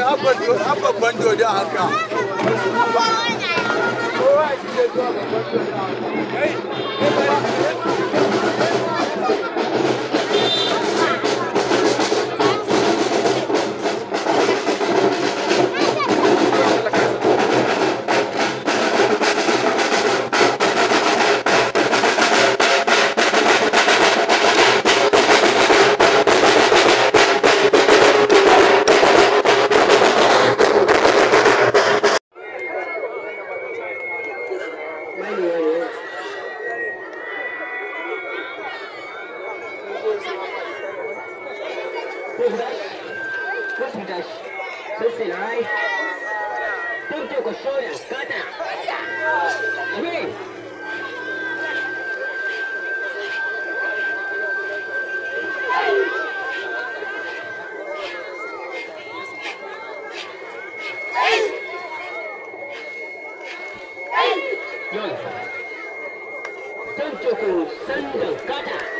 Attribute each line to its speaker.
Speaker 1: je an babban dodo haka kowa ya je zuwa babban dodo Kosten gleich bisschen rein. Punkte Koschule, Kata. Schwing. Jungs, 3 Kata.